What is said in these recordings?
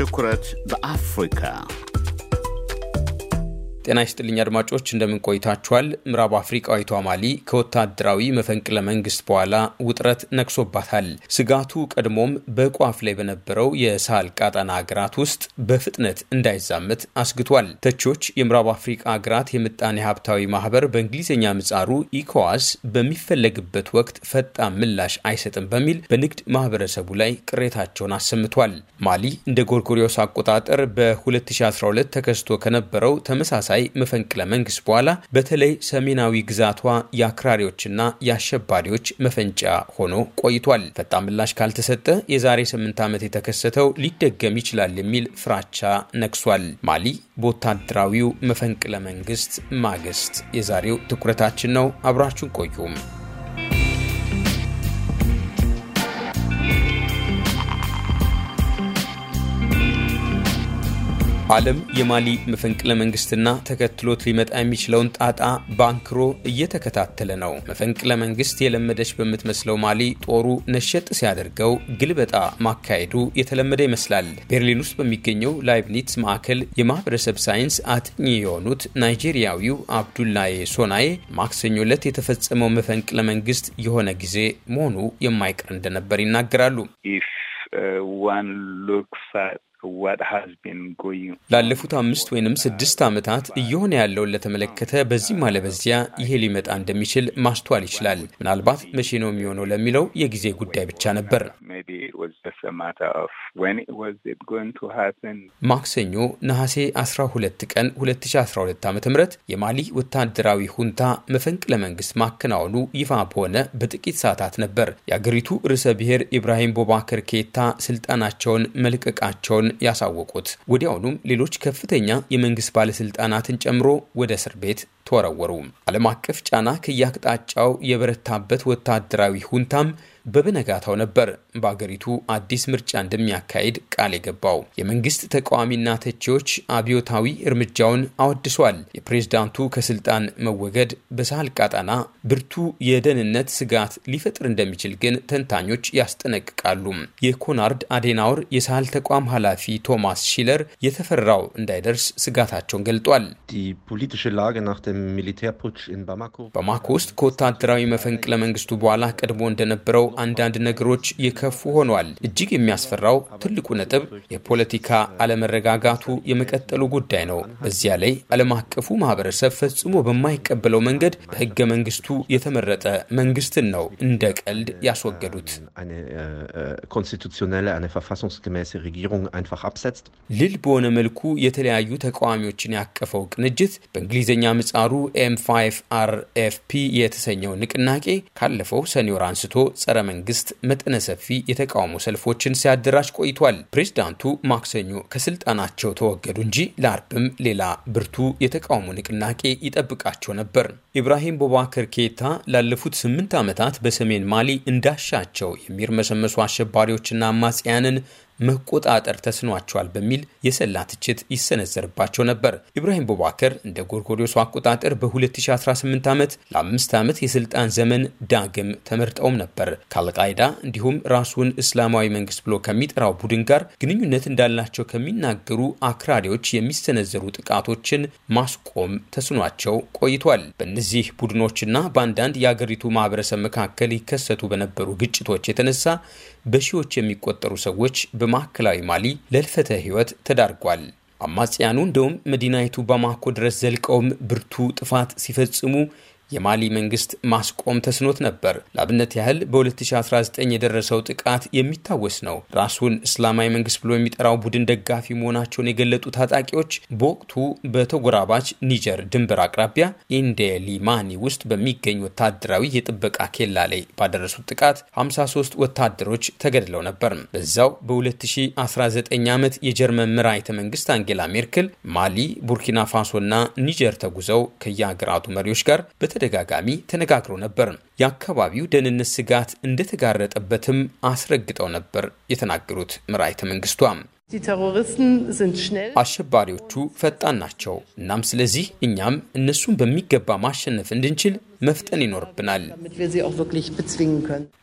Aristocrat Africa. ጤና ይስጥልኝ አድማጮች፣ እንደምን ቆይታችኋል? ምዕራብ አፍሪቃዊቷ ማሊ ከወታደራዊ መፈንቅለ መንግስት በኋላ ውጥረት ነግሶባታል። ስጋቱ ቀድሞም በቋፍ ላይ በነበረው የሳህል ቃጠና ሀገራት ውስጥ በፍጥነት እንዳይዛመት አስግቷል። ተቺዎች የምዕራብ አፍሪቃ ሀገራት የምጣኔ ሀብታዊ ማህበር በእንግሊዝኛ ምጻሩ ኢኮዋስ በሚፈለግበት ወቅት ፈጣን ምላሽ አይሰጥም በሚል በንግድ ማህበረሰቡ ላይ ቅሬታቸውን አሰምቷል። ማሊ እንደ ጎርጎሪዮስ አቆጣጠር በ2012 ተከስቶ ከነበረው ተመሳሳይ ተመሳሳይ መፈንቅለ መንግስት በኋላ በተለይ ሰሜናዊ ግዛቷ የአክራሪዎችና የአሸባሪዎች መፈንጫ ሆኖ ቆይቷል። ፈጣን ምላሽ ካልተሰጠ የዛሬ ስምንት ዓመት የተከሰተው ሊደገም ይችላል የሚል ፍራቻ ነግሷል። ማሊ በወታደራዊው መፈንቅለ መንግስት ማግስት የዛሬው ትኩረታችን ነው። አብራችሁን ቆዩም። ዓለም የማሊ መፈንቅለ መንግስትና ተከትሎት ሊመጣ የሚችለውን ጣጣ ባንክሮ እየተከታተለ ነው። መፈንቅለ መንግስት የለመደች በምትመስለው ማሊ ጦሩ ነሸጥ ሲያደርገው ግልበጣ ማካሄዱ የተለመደ ይመስላል። ቤርሊን ውስጥ በሚገኘው ላይብኒትስ ማዕከል የማህበረሰብ ሳይንስ አጥኚ የሆኑት ናይጄሪያዊው አብዱላዬ ሶናዬ ማክሰኞ ዕለት የተፈጸመው መፈንቅለ መንግስት የሆነ ጊዜ መሆኑ የማይቀር እንደነበር ይናገራሉ። ላለፉት አምስት ወይንም ስድስት ዓመታት እየሆነ ያለውን ለተመለከተ በዚህም አለበዚያ ይሄ ሊመጣ እንደሚችል ማስተዋል ይችላል። ምናልባት መቼ ነው የሚሆነው ለሚለው የጊዜ ጉዳይ ብቻ ነበር። ማክሰኞ ነሐሴ 12 ቀን 2012 ዓ ም የማሊ ወታደራዊ ሁንታ መፈንቅለ መንግስት ማከናወኑ ይፋ በሆነ በጥቂት ሰዓታት ነበር የአገሪቱ ርዕሰ ብሔር ኢብራሂም ቦባከር ኬታ ስልጣናቸውን መልቀቃቸውን ያሳወቁት። ወዲያውኑም ሌሎች ከፍተኛ የመንግስት ባለስልጣናትን ጨምሮ ወደ እስር ቤት ተወረወሩ። ዓለም አቀፍ ጫና ከያቅጣጫው የበረታበት ወታደራዊ ሁንታም በበነጋታው ነበር በአገሪቱ አዲስ ምርጫ እንደሚያካሂድ ቃል የገባው። የመንግስት ተቃዋሚና ተቺዎች አብዮታዊ እርምጃውን አወድሷል። የፕሬዝዳንቱ ከስልጣን መወገድ በሳህል ቃጣና ብርቱ የደህንነት ስጋት ሊፈጥር እንደሚችል ግን ተንታኞች ያስጠነቅቃሉ። የኮናርድ አዴናወር የሳህል ተቋም ኃላፊ ቶማስ ሺለር የተፈራው እንዳይደርስ ስጋታቸውን ገልጧል። ባማኮ ውስጥ ከወታደራዊ መፈንቅለ መንግስቱ በኋላ ቀድሞ እንደነበረው አንዳንድ ነገሮች የከፉ ሆኗል። እጅግ የሚያስፈራው ትልቁ ነጥብ የፖለቲካ አለመረጋጋቱ የመቀጠሉ ጉዳይ ነው። በዚያ ላይ ዓለም አቀፉ ማህበረሰብ ፈጽሞ በማይቀበለው መንገድ በህገ መንግስቱ የተመረጠ መንግስትን ነው እንደ ቀልድ ያስወገዱት። ልል በሆነ መልኩ የተለያዩ ተቃዋሚዎችን ያቀፈው ቅንጅት በእንግሊዝኛ ምጻሩ ኤም5 አርኤፍፒ የተሰኘው ንቅናቄ ካለፈው ሰኔ አንስቶ ጸረ መንግስት መጠነ ሰፊ የተቃውሞ ሰልፎችን ሲያደራጅ ቆይቷል። ፕሬዚዳንቱ ማክሰኞ ከስልጣናቸው ተወገዱ እንጂ ለአርብም ሌላ ብርቱ የተቃውሞ ንቅናቄ ይጠብቃቸው ነበር። ኢብራሂም ቦባከር ኬታ ላለፉት ስምንት ዓመታት በሰሜን ማሊ እንዳሻቸው የሚርመሰመሱ አሸባሪዎችና አማጽያንን መቆጣጠር ተስኗቸዋል በሚል የሰላ ትችት ይሰነዘርባቸው ነበር። ኢብራሂም ቡባከር እንደ ጎርጎሪዮስ አቆጣጠር በ2018 ዓመት ለአምስት ዓመት የስልጣን ዘመን ዳግም ተመርጠውም ነበር። ከአልቃይዳ እንዲሁም ራሱን እስላማዊ መንግስት ብሎ ከሚጠራው ቡድን ጋር ግንኙነት እንዳላቸው ከሚናገሩ አክራሪዎች የሚሰነዘሩ ጥቃቶችን ማስቆም ተስኗቸው ቆይቷል። በእነዚህ ቡድኖችና በአንዳንድ የአገሪቱ ማህበረሰብ መካከል ይከሰቱ በነበሩ ግጭቶች የተነሳ በሺዎች የሚቆጠሩ ሰዎች በ በማዕከላዊ ማሊ ለልፈተ ህይወት ተዳርጓል። አማጽያኑ እንደውም መዲናይቱ ባማኮ ድረስ ዘልቀውም ብርቱ ጥፋት ሲፈጽሙ የማሊ መንግስት ማስቆም ተስኖት ነበር። ለአብነት ያህል በ2019 የደረሰው ጥቃት የሚታወስ ነው። ራሱን እስላማዊ መንግስት ብሎ የሚጠራው ቡድን ደጋፊ መሆናቸውን የገለጡ ታጣቂዎች በወቅቱ በተጎራባች ኒጀር ድንበር አቅራቢያ ኢንዴሊማኒ ውስጥ በሚገኝ ወታደራዊ የጥበቃ ኬላ ላይ ባደረሱት ጥቃት 53 ወታደሮች ተገድለው ነበር። በዛው በ2019 ዓመት የጀርመን መራሒተ መንግስት አንጌላ ሜርክል ማሊ፣ ቡርኪና ፋሶና ኒጀር ተጉዘው ከየሀገራቱ መሪዎች ጋር በተደጋጋሚ ተነጋግሮ ነበር። የአካባቢው ደህንነት ስጋት እንደተጋረጠበትም አስረግጠው ነበር የተናገሩት መራሒተ መንግስቷ። አሸባሪዎቹ ፈጣን ናቸው። እናም ስለዚህ እኛም እነሱን በሚገባ ማሸነፍ እንድንችል መፍጠን ይኖርብናል።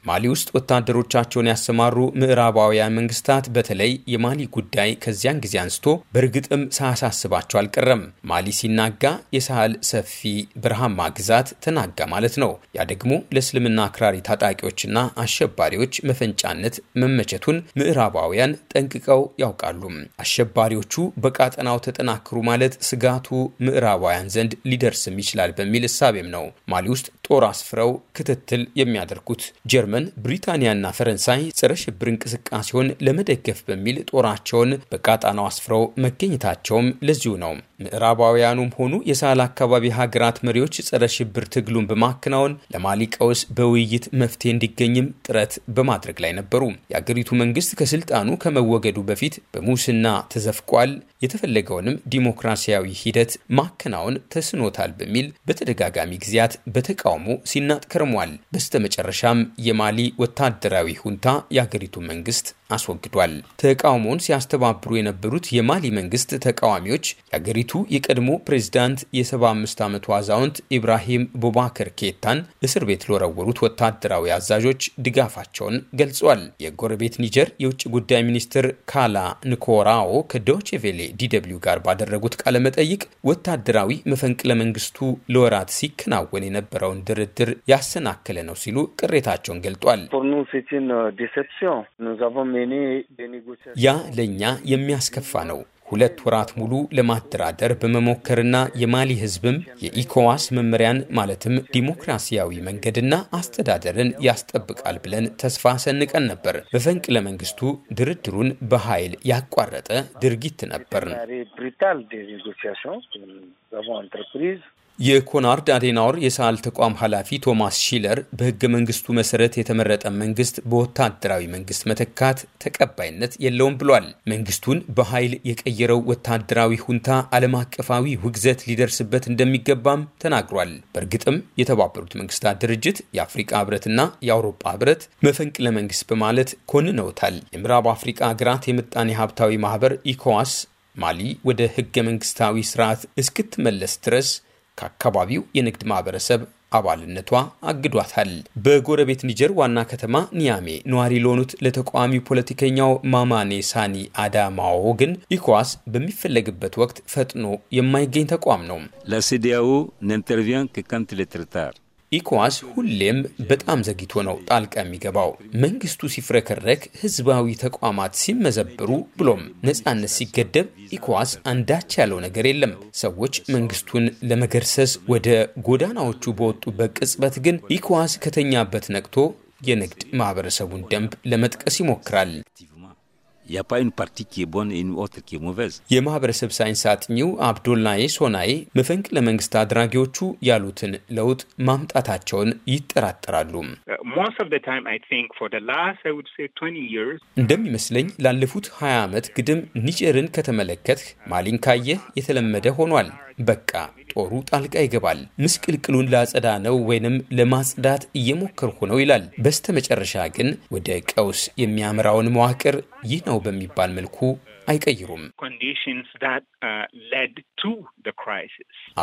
ማሊ ውስጥ ወታደሮቻቸውን ያሰማሩ ምዕራባውያን መንግስታት በተለይ የማሊ ጉዳይ ከዚያን ጊዜ አንስቶ በእርግጥም ሳያሳስባቸው አልቀረም። ማሊ ሲናጋ የሳህል ሰፊ በረሃማ ግዛት ተናጋ ማለት ነው። ያ ደግሞ ለእስልምና አክራሪ ታጣቂዎችና አሸባሪዎች መፈንጫነት መመቸቱን ምዕራባውያን ጠንቅቀው ያውቃሉ። አሸባሪዎቹ በቃጠናው ተጠናክሩ ማለት ስጋቱ ምዕራባውያን ዘንድ ሊደርስም ይችላል በሚል እሳቤም ነው ማሊ used ጦር አስፍረው ክትትል የሚያደርጉት ጀርመን፣ ብሪታንያና ፈረንሳይ ጸረ ሽብር እንቅስቃሴውን ለመደገፍ በሚል ጦራቸውን በቃጣናው አስፍረው መገኘታቸውም ለዚሁ ነው። ምዕራባውያኑም ሆኑ የሳህል አካባቢ ሀገራት መሪዎች ጸረ ሽብር ትግሉን በማከናወን ለማሊ ቀውስ በውይይት መፍትሄ እንዲገኝም ጥረት በማድረግ ላይ ነበሩ። የአገሪቱ መንግስት ከስልጣኑ ከመወገዱ በፊት በሙስና ተዘፍቋል፣ የተፈለገውንም ዲሞክራሲያዊ ሂደት ማከናወን ተስኖታል በሚል በተደጋጋሚ ጊዜያት በተቃውሞ ተቃውሞ ሲናጥ ከርሟል። በስተመጨረሻም የማሊ ወታደራዊ ሁንታ የአገሪቱ መንግስት አስወግዷል። ተቃውሞውን ሲያስተባብሩ የነበሩት የማሊ መንግስት ተቃዋሚዎች የአገሪቱ የቀድሞ ፕሬዚዳንት የ75 ዓመቱ አዛውንት ኢብራሂም ቡባከር ኬታን እስር ቤት ለወረወሩት ወታደራዊ አዛዦች ድጋፋቸውን ገልጿል። የጎረቤት ኒጀር የውጭ ጉዳይ ሚኒስትር ካላ ንኮራኦ ከዶችቬሌ ዲደብሊው ጋር ባደረጉት ቃለመጠይቅ ወታደራዊ መፈንቅለ መንግስቱ ለወራት ሲከናወን የነበረውን ድርድር ያሰናከለ ነው ሲሉ ቅሬታቸውን ገልጧል። ያ ለእኛ የሚያስከፋ ነው። ሁለት ወራት ሙሉ ለማደራደር በመሞከርና የማሊ ሕዝብም የኢኮዋስ መመሪያን ማለትም ዲሞክራሲያዊ መንገድና አስተዳደርን ያስጠብቃል ብለን ተስፋ ሰንቀን ነበር። በፈንቅ መንግስቱ ድርድሩን በኃይል ያቋረጠ ድርጊት ነበር። የኮናርድ አዴናወር የሰዓል ተቋም ኃላፊ ቶማስ ሺለር በሕገ መንግስቱ መሰረት የተመረጠ መንግስት በወታደራዊ መንግስት መተካት ተቀባይነት የለውም ብሏል። መንግስቱን በኃይል የቀየረው ወታደራዊ ሁንታ ዓለም አቀፋዊ ውግዘት ሊደርስበት እንደሚገባም ተናግሯል። በእርግጥም የተባበሩት መንግስታት ድርጅት፣ የአፍሪቃ ህብረትና የአውሮፓ ህብረት መፈንቅለ መንግስት በማለት ኮንነውታል። የምዕራብ አፍሪቃ ሀገራት የምጣኔ ሀብታዊ ማህበር ኢኮዋስ ማሊ ወደ ህገ መንግስታዊ ስርዓት እስክትመለስ ድረስ ከአካባቢው የንግድ ማህበረሰብ አባልነቷ አግዷታል። በጎረቤት ኒጀር ዋና ከተማ ኒያሜ ነዋሪ ለሆኑት ለተቃዋሚ ፖለቲከኛው ማማኔ ሳኒ አዳማዎ ግን ኢኮዋስ በሚፈለግበት ወቅት ፈጥኖ የማይገኝ ተቋም ነው። ለሲዲያው ንንተርቪን ከከንት ለትርታር ኢኮዋስ ሁሌም በጣም ዘግይቶ ነው ጣልቃ የሚገባው። መንግስቱ ሲፍረከረክ፣ ህዝባዊ ተቋማት ሲመዘብሩ፣ ብሎም ነጻነት ሲገደብ ኢኮዋስ አንዳች ያለው ነገር የለም። ሰዎች መንግስቱን ለመገርሰስ ወደ ጎዳናዎቹ በወጡበት ቅጽበት ግን ኢኮዋስ ከተኛበት ነቅቶ የንግድ ማህበረሰቡን ደንብ ለመጥቀስ ይሞክራል። Il n'y a pas une partie qui est bonne et une autre qui est mauvaise። የማህበረሰብ ሳይንስ አጥኚው አብዶላዬ ሶናዬ መፈንቅለ መንግስት አድራጊዎቹ ያሉትን ለውጥ ማምጣታቸውን ይጠራጠራሉ። እንደሚመስለኝ ላለፉት 20 ዓመት ግድም ኒጀርን ከተመለከትህ ማሊን ካየህ የተለመደ ሆኗል። በቃ ጦሩ ጣልቃ ይገባል። ምስቅልቅሉን ላጸዳ ነው ወይንም ለማጽዳት እየሞከርኩ ነው ይላል። በስተመጨረሻ ግን ወደ ቀውስ የሚያምራውን መዋቅር ይህ ነው በሚባል መልኩ አይቀይሩም። uh,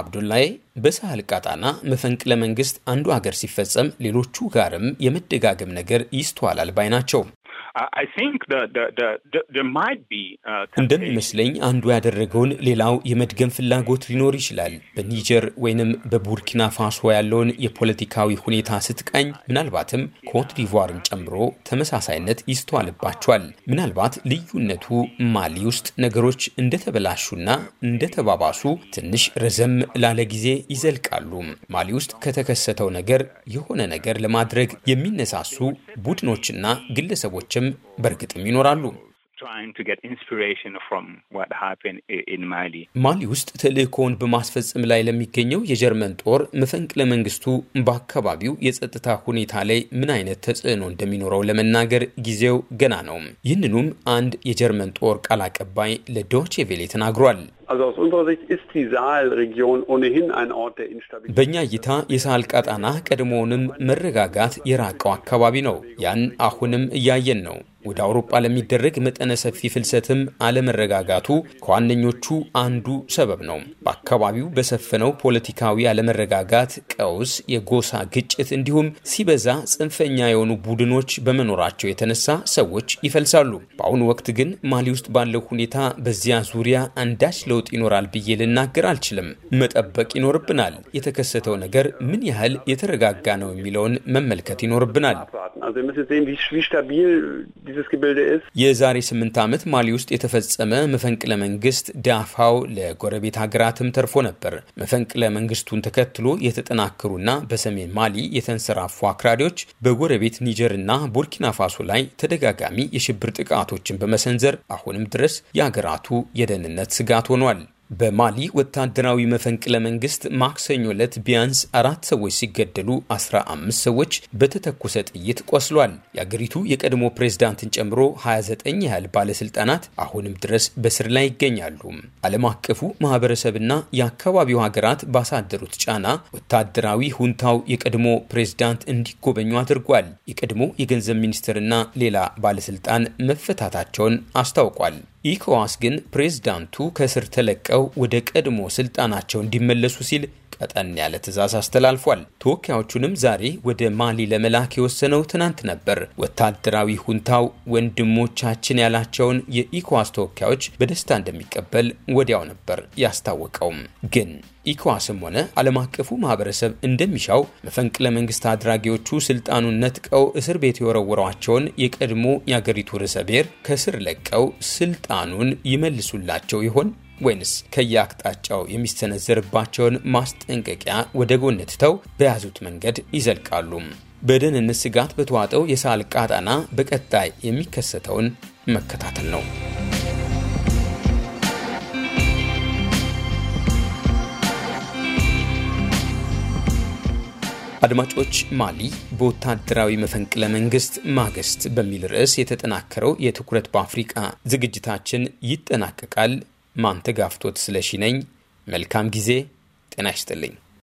አብዱላይ በሳህል ቃጣና መፈንቅለ መንግስት አንዱ ሀገር ሲፈጸም ሌሎቹ ጋርም የመደጋገም ነገር ይስተዋላል ባይ ናቸው። Uh, እንደሚመስለኝ አንዱ ያደረገውን ሌላው የመድገም ፍላጎት ሊኖር ይችላል። በኒጀር ወይንም በቡርኪና ፋሶ ያለውን የፖለቲካዊ ሁኔታ ስትቃኝ ምናልባትም ዲቯርን ጨምሮ ተመሳሳይነት ይስተዋልባቸዋል። ምናልባት ልዩነቱ ማሊ ውስጥ ነገሮች እንደተበላሹና እንደተባባሱ ትንሽ ረዘም ላለ ጊዜ ይዘልቃሉ። ማሊ ውስጥ ከተከሰተው ነገር የሆነ ነገር ለማድረግ የሚነሳሱ ቡድኖችና ግለሰቦችም በእርግጥም ይኖራሉ። ማሊ ውስጥ ተልእኮውን በማስፈጸም ላይ ለሚገኘው የጀርመን ጦር መፈንቅለ መንግስቱ በአካባቢው የጸጥታ ሁኔታ ላይ ምን አይነት ተጽዕኖ እንደሚኖረው ለመናገር ጊዜው ገና ነው። ይህንኑም አንድ የጀርመን ጦር ቃል አቀባይ ለዶቼ ቬሌ ተናግሯል። በእኛ እይታ የሳህል ቀጣና ቀድሞውንም መረጋጋት የራቀው አካባቢ ነው። ያን አሁንም እያየን ነው። ወደ አውሮፓ ለሚደረግ መጠነ ሰፊ ፍልሰትም አለመረጋጋቱ ከዋነኞቹ አንዱ ሰበብ ነው። በአካባቢው በሰፈነው ፖለቲካዊ አለመረጋጋት፣ ቀውስ፣ የጎሳ ግጭት እንዲሁም ሲበዛ ጽንፈኛ የሆኑ ቡድኖች በመኖራቸው የተነሳ ሰዎች ይፈልሳሉ። በአሁኑ ወቅት ግን ማሊ ውስጥ ባለው ሁኔታ በዚያ ዙሪያ አንዳች ለውጥ ይኖራል ብዬ ልናገር አልችልም። መጠበቅ ይኖርብናል። የተከሰተው ነገር ምን ያህል የተረጋጋ ነው የሚለውን መመልከት ይኖርብናል። Also jetzt sehen, wie, wie stabil dieses Gebilde ist. የዛሬ ስምንት ዓመት ማሊ ውስጥ የተፈጸመ መፈንቅለ መንግስት ዳፋው ለጎረቤት ሀገራትም ተርፎ ነበር። መፈንቅለ መንግስቱን ተከትሎ የተጠናከሩና በሰሜን ማሊ የተንሰራፉ አክራሪዎች በጎረቤት ኒጀርና ቡርኪና ፋሶ ላይ ተደጋጋሚ የሽብር ጥቃቶችን በመሰንዘር አሁንም ድረስ የሀገራቱ የደህንነት ስጋት ሆኗል። በማሊ ወታደራዊ መፈንቅለ መንግስት ማክሰኞ ዕለት ቢያንስ አራት ሰዎች ሲገደሉ አስራ አምስት ሰዎች በተተኮሰ ጥይት ቆስሏል። የአገሪቱ የቀድሞ ፕሬዝዳንትን ጨምሮ 29 ያህል ባለስልጣናት አሁንም ድረስ በስር ላይ ይገኛሉ። ዓለም አቀፉ ማህበረሰብና የአካባቢው ሀገራት ባሳደሩት ጫና ወታደራዊ ሁንታው የቀድሞ ፕሬዝዳንት እንዲጎበኙ አድርጓል። የቀድሞ የገንዘብ ሚኒስትርና ሌላ ባለስልጣን መፈታታቸውን አስታውቋል። ኢኮዋስ ግን ፕሬዝዳንቱ ከስር ተለቀው ወደ ቀድሞ ስልጣናቸው እንዲመለሱ ሲል ቀጠን ያለ ትዕዛዝ አስተላልፏል። ተወካዮቹንም ዛሬ ወደ ማሊ ለመላክ የወሰነው ትናንት ነበር። ወታደራዊ ሁንታው ወንድሞቻችን ያላቸውን የኢኮዋስ ተወካዮች በደስታ እንደሚቀበል ወዲያው ነበር ያስታወቀውም ግን ኢኳስም ሆነ ዓለም አቀፉ ማህበረሰብ እንደሚሻው መፈንቅለ መንግስት አድራጊዎቹ ስልጣኑን ነጥቀው እስር ቤት የወረወሯቸውን የቀድሞ የአገሪቱ ርዕሰ ብሔር ከስር ለቀው ስልጣኑን ይመልሱላቸው ይሆን ወይንስ ከየአቅጣጫው የሚሰነዘርባቸውን ማስጠንቀቂያ ወደ ጎን ትተው በያዙት መንገድ ይዘልቃሉ? በደህንነት ስጋት በተዋጠው የሳል ቃጣና በቀጣይ የሚከሰተውን መከታተል ነው። አድማጮች፣ ማሊ በወታደራዊ መፈንቅለ መንግስት ማግስት በሚል ርዕስ የተጠናከረው የትኩረት በአፍሪቃ ዝግጅታችን ይጠናቀቃል። ማንተጋፍቶት ስለሺ ነኝ። መልካም ጊዜ። ጤና ይስጥልኝ።